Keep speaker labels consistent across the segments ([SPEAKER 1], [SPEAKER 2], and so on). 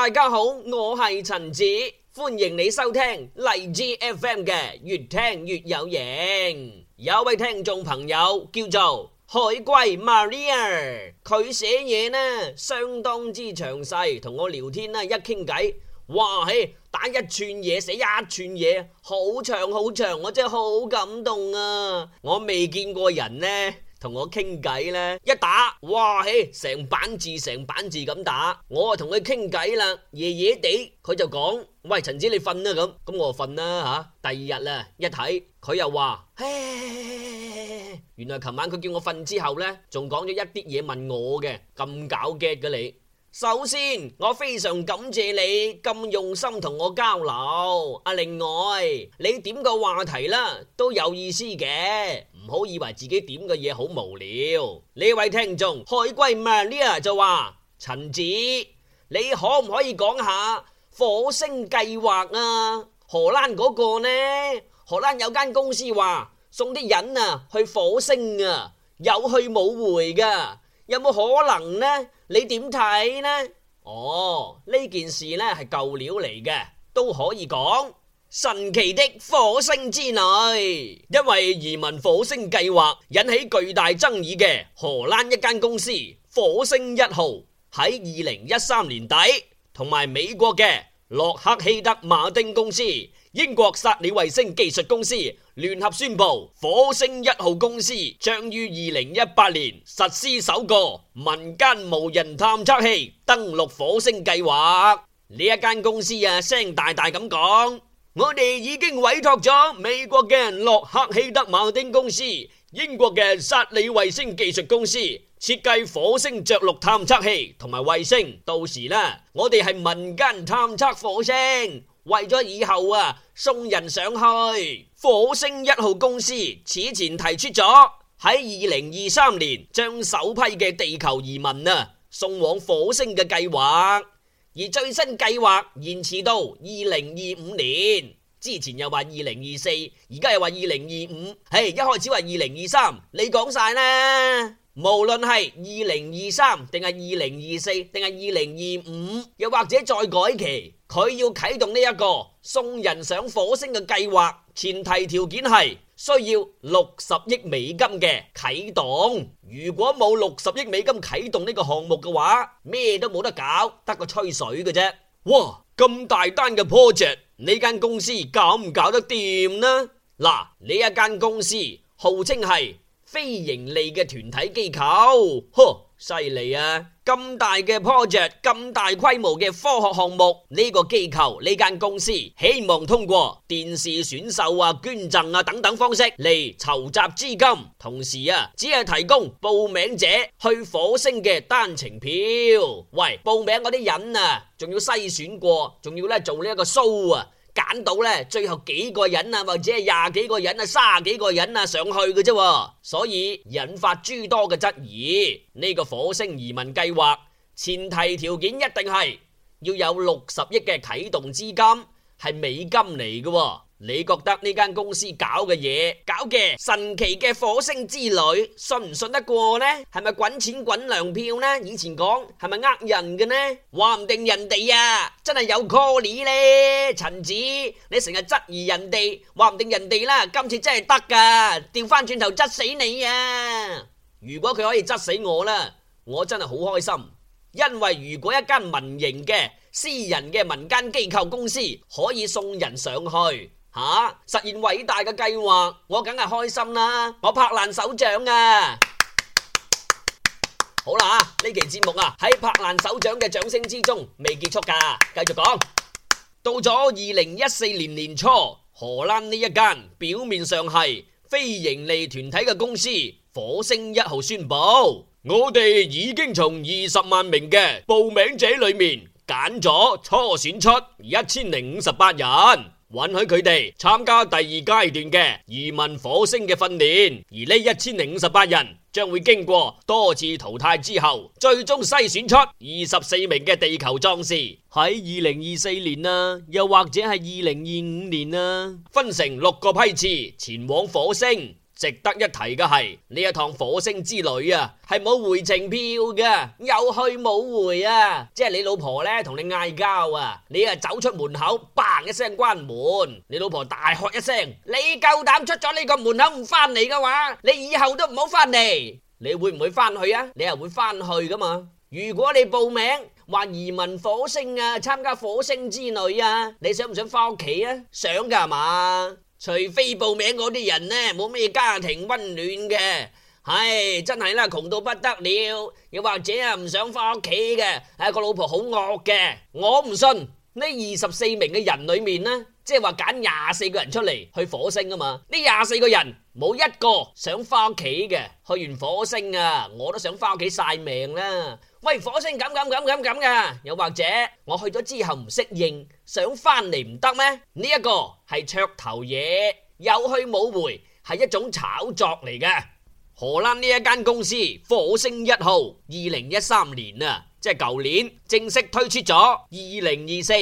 [SPEAKER 1] 大家好，我係陳子，歡迎你收聽荔枝 FM 嘅越聽越有型。有位聽眾朋友叫做海龜 Malia，佢寫嘢呢相當之詳細，同我聊天呢一傾偈，哇嘿，打一串嘢寫一串嘢，好長好長，我真係好感動啊！我未見過人呢。同我傾偈咧，一打，哇嘿，成板字成板字咁打，我啊同佢傾偈啦，夜夜地，佢就講，喂陳子你瞓啦咁，咁我就瞓啦吓。第二日啦，一睇佢又話，嘿，原來琴晚佢叫我瞓之後咧，仲講咗一啲嘢問我嘅，咁搞嘅嘅你。首先，我非常感謝你咁用心同我交流。啊，另外，你點個話題啦，都有意思嘅。唔好以為自己點嘅嘢好無聊。呢位聽眾海龜 Malia 就話：陳子，你可唔可以講下火星計劃啊？荷蘭嗰個呢？荷蘭有間公司話送啲人啊去火星啊，有去冇回噶？有冇可能呢？你點睇呢？哦，呢件事呢係舊料嚟嘅，都可以講。神奇的火星之旅。因為移民火星計劃引起巨大爭議嘅荷蘭一間公司火星一號喺二零一三年底，同埋美國嘅洛克希德馬丁公司、英國薩里衛星技術公司聯合宣布，火星一號公司將於二零一八年實施首個民間無人探測器登陸火星計劃。呢一間公司啊，聲大大咁講。我哋已經委託咗美國嘅洛克希德馬丁公司、英國嘅薩里衛星技術公司設計火星着陸探測器同埋衛星。到時呢，我哋係民間探測火星，為咗以後啊送人上去。火星一號公司此前提出咗喺二零二三年將首批嘅地球移民啊送往火星嘅計劃。而最新計劃延遲到二零二五年，之前又話二零二四，而家又話二零二五。嘿，一開始話二零二三，你講晒啦。無論係二零二三定係二零二四定係二零二五，又或者再改期，佢要啟動呢一個送人上火星嘅計劃。前提條件係需要六十億美金嘅啟動，如果冇六十億美金啟動呢個項目嘅話，咩都冇得搞，得個吹水嘅啫。哇，咁大單嘅 project，呢間公司搞唔搞得掂呢？嗱，呢一間公司號稱係非盈利嘅團體機構，呵。犀利啊！咁大嘅 project，咁大規模嘅科學項目，呢個機構呢間公司希望通過電視選秀啊、捐贈啊等等方式嚟籌集資金，同時啊，只係提供報名者去火星嘅單程票。喂，報名嗰啲人啊，仲要篩選過，仲要咧做呢一個 show 啊！揀到咧，最後幾個人啊，或者係廿幾個人啊，三十幾個人啊上去嘅啫，所以引發諸多嘅質疑。呢個火星移民計劃，前提條件一定係要有六十億嘅啟動資金，係美金嚟嘅。你覺得呢間公司搞嘅嘢，搞嘅神奇嘅火星之旅，信唔信得過呢？係咪滾錢滾糧票呢？以前講係咪呃人嘅呢？話唔定人哋啊，真係有 call 里咧，陳子，你成日質疑人哋，話唔定人哋啦，今次真係得噶，掉翻轉頭質死你啊！如果佢可以質死我啦，我真係好開心，因為如果一間民營嘅私人嘅民間機構公司可以送人上去。吓、啊！實現偉大嘅計劃，我梗係開心啦！我拍爛手掌啊！ 好啦，呢期節目啊，喺拍爛手掌嘅掌聲之中，未結束噶，繼續講 到咗二零一四年年初，荷蘭呢一間表面上係非盈利團體嘅公司火星一號宣布， 我哋已經從二十萬名嘅報名者裏面揀咗初選出一千零五十八人。允許佢哋參加第二階段嘅移民火星嘅訓練，而呢一千零五十八人將會經過多次淘汰之後，最終篩選出二十四名嘅地球壯士，喺二零二四年啊，又或者係二零二五年啊，分成六個批次前往火星。值得一提嘅係呢一趟火星之旅啊，係冇回程票嘅，有去冇回啊！即係你老婆呢，同你嗌交啊，你啊走出門口，砰一聲關門，你老婆大喝一聲：你夠膽出咗呢個門口唔返嚟嘅話，你以後都唔好返嚟！你會唔會返去啊？你又會返去噶嘛？如果你報名話移民火星啊，參加火星之旅啊，你想唔想返屋企啊？想噶嘛？除非報名嗰啲人呢，冇咩家庭溫暖嘅，唉，真係啦，窮到不得了，又或者啊，唔想翻屋企嘅，係個老婆好惡嘅，我唔信呢二十四名嘅人裏面呢？即係話揀廿四個人出嚟去火星啊嘛，呢廿四個人冇一個想翻屋企嘅？去完火星啊，我都想翻屋企晒命啦。喂，火星咁咁咁咁咁嘅，又或者我去咗之後唔適應，想翻嚟唔得咩？呢一個係噱頭嘢，有去冇回，係一種炒作嚟嘅。荷蘭呢一間公司，火星一號，二零一三年啊，即係舊年正式推出咗二零二四，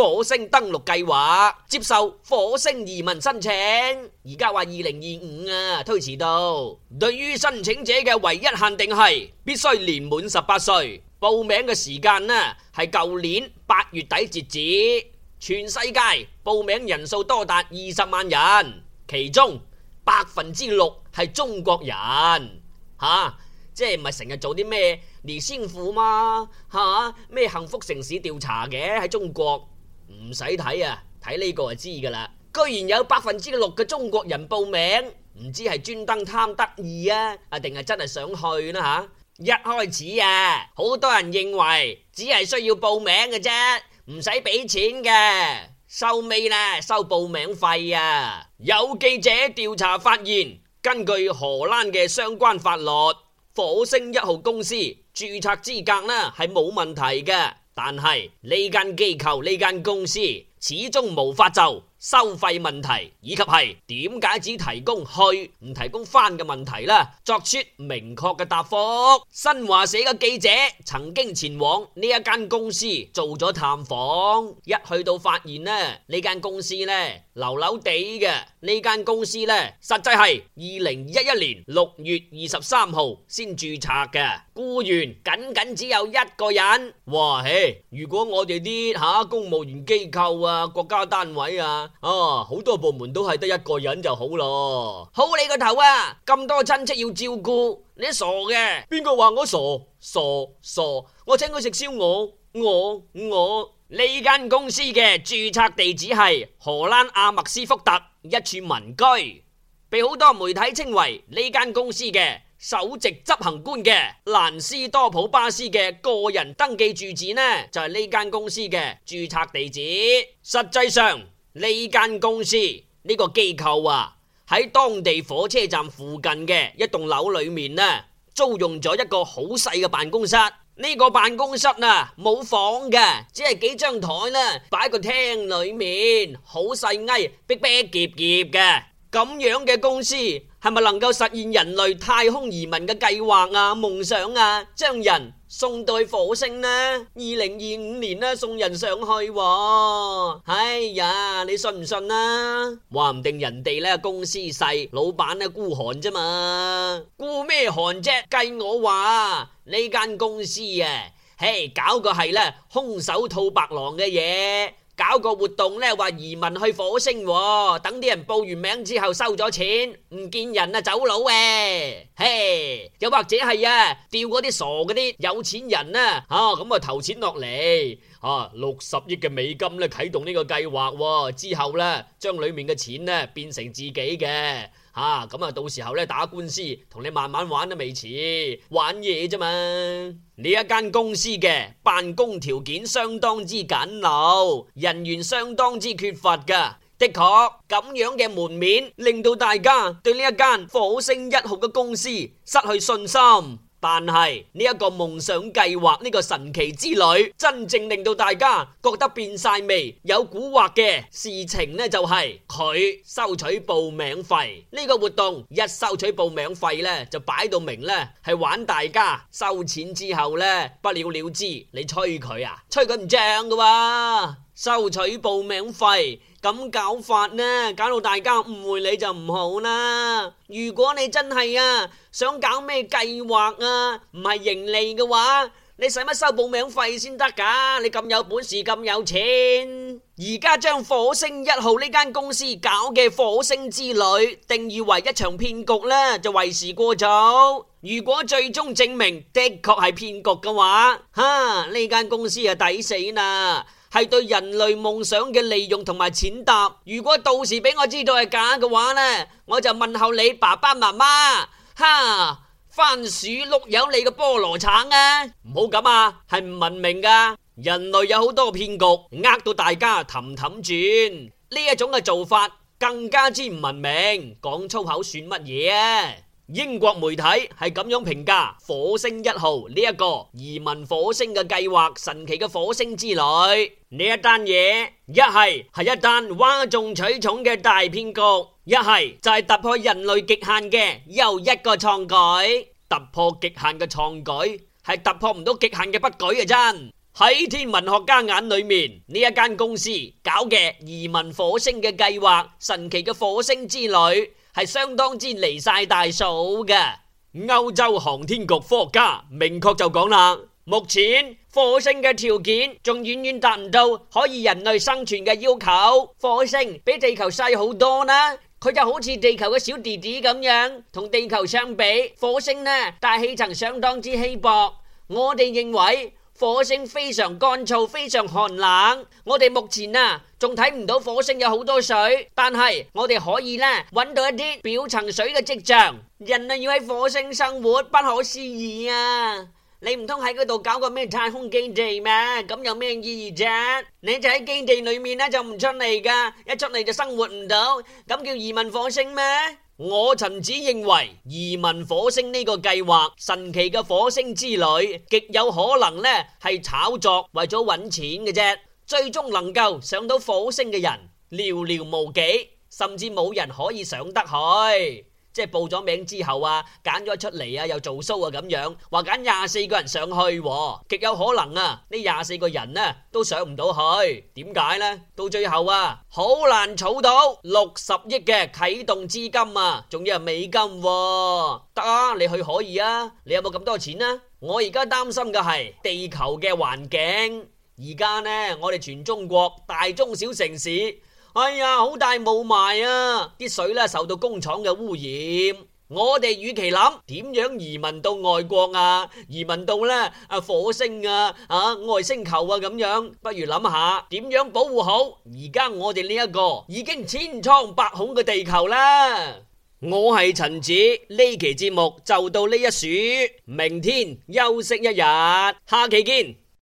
[SPEAKER 1] 火星登陸計劃接受火星移民申請，而家話二零二五啊，推遲到。對於申請者嘅唯一限定係必須年滿十八歲。報名嘅時間呢係舊年八月底截止。全世界報名人數多達二十萬人，其中百分之六係中國人吓，即係唔係成日做啲咩年先富嘛吓？咩幸福城市調查嘅喺中國。唔使睇啊，睇呢個就知噶啦，居然有百分之六嘅中國人報名，唔知係專登貪得意啊，啊定係真係想去啦，啊，吓。一開始啊，好多人認為只係需要報名嘅啫，唔使俾錢嘅，收尾咧收報名費啊。有記者調查發現，根據荷蘭嘅相關法律，火星一號公司註冊資格呢係冇問題嘅。但係呢間機構，呢間公司始終無法就，收費問題以及係點解只提供去唔提供翻嘅問題啦，作出明確嘅答覆。新華社嘅記者曾經前往呢一間公司做咗探訪，一去到發現呢，呢間公司呢，流流地嘅呢間公司呢，實際係二零一一年六月二十三號先註冊嘅，僱員僅僅只有一個人。哇嘿！如果我哋啲吓公務員機構啊、國家單位啊，啊！好多部門都係得一個人就好咯。好你個頭啊！咁多親戚要照顧，你傻嘅？邊個話我傻？傻傻，我請佢食燒鵝。我我。呢間公司嘅注冊地址係荷蘭阿默斯福特一處民居，被好多媒體稱為呢間公司嘅首席執行官嘅蘭斯多普巴斯嘅個人登記住址呢，就係呢間公司嘅注冊地址。實際上。呢間公司呢個機構啊，喺當地火車站附近嘅一棟樓裏面呢，租用咗一個好細嘅辦公室。呢個辦公室啊，冇房嘅，只係幾張台呢，擺喺個廳裏面，好細埃，逼逼夾夾嘅。咁樣嘅公司係咪能夠實現人類太空移民嘅計劃啊？夢想啊，將人？送對火星啦，二零二五年啦，送人上去喎。哎呀，你信唔信啊？話唔定人哋呢公司細，老闆呢孤寒啫嘛。孤咩寒啫？計我話呢間公司啊，嘿，搞個係呢空手套白狼嘅嘢。搞個活動咧，話移民去火星、哦，等啲人報完名之後收咗錢，唔見人啊走佬誒、啊，嘿、hey，又或者係啊，釣嗰啲傻嗰啲有錢人啊，吓咁啊投錢落嚟，吓六十億嘅美金咧啟動呢個計劃、哦，之後咧將裏面嘅錢咧變成自己嘅。啊，咁啊！到時候咧打官司，同你慢慢玩都、啊、未遲，玩嘢啫嘛。呢一間公司嘅辦公條件相當之簡陋，人員相當之缺乏噶。的確，咁樣嘅門面令到大家對呢一間火星一號嘅公司失去信心。但係呢一個夢想計劃呢，這個神奇之旅，真正令到大家覺得變晒味，有蠱惑嘅事情呢，就係、是、佢收取報名費。呢，這個活動一收取報名費呢，就擺到明呢，係玩大家收錢之後呢，不了了之。你吹佢啊，吹佢唔漲㗎。收取報名費咁搞法呢？搞到大家誤會你就唔好啦。如果你真係啊想搞咩計劃啊，唔係盈利嘅話，你使乜收報名費先得噶？你咁有本事咁有錢，而家將火星一號呢間公司搞嘅火星之旅定義為一場騙局呢，就為時過早。如果最終證明的確係騙局嘅話，吓呢間公司啊抵死啦！係對人類夢想嘅利用同埋踐踏。如果到時俾我知道係假嘅話呢，我就問候你爸爸媽媽。哈，番薯碌有你嘅菠蘿橙啊！唔好咁啊，係唔文明噶。人類有好多騙局，呃到大家氹氹轉。呢一種嘅做法更加之唔文明。講粗口算乜嘢？英國媒體係咁樣評價《火星一號》呢一個移民火星嘅計劃，神奇嘅火星之旅。呢一單嘢，一係係一單嘩眾取寵嘅大騙局，一係就係突破人類極限嘅又一個創舉。突破極限嘅創舉，係突破唔到極限嘅不舉嘅真。喺天文學家眼裏面，呢一間公司搞嘅移民火星嘅計劃，神奇嘅火星之旅。係相當之離晒大數嘅，歐洲航天局科學家明確就講啦，目前火星嘅條件仲遠遠達唔到可以人類生存嘅要求。火星比地球細好多啦，佢就好似地球嘅小弟弟咁樣，同地球相比，火星呢，大氣層相當之稀薄。我哋認為。火星非常乾燥，非常寒冷。我哋目前啊，仲睇唔到火星有好多水，但係我哋可以咧，揾到一啲表層水嘅跡象。人類要喺火星生活，不可思議啊！你唔通喺嗰度搞個咩太空基地咩？咁有咩意義啫？你就喺基地裏面咧就唔出嚟噶，一出嚟就生活唔到，咁叫移民火星咩？我曾子認為，移民火星呢個計劃，神奇嘅火星之旅，極有可能呢係炒作，為咗揾錢嘅啫。最終能夠上到火星嘅人寥寥無幾，甚至冇人可以上得去。即係報咗名之後啊，揀咗出嚟啊，又做 show 啊，咁樣話揀廿四個人上去，極有可能啊，呢廿四個人呢都上唔到去。點解呢？到最後啊，好難儲到六十億嘅啟動資金啊，仲要係美金。得啊，你去可以啊，你有冇咁多錢啊？我而家擔心嘅係地球嘅環境。而家呢，我哋全中國大中小城市。哎呀，好大霧霾啊！啲水咧，受到工廠嘅污染。我哋與其諗點樣移民到外國啊，移民到咧啊火星啊，啊外星球啊咁樣，不如諗下點樣保護好而家我哋呢一個已經千瘡百孔嘅地球啦。我係陳子，呢期節目就到呢一樹，明天休息一日，下期見。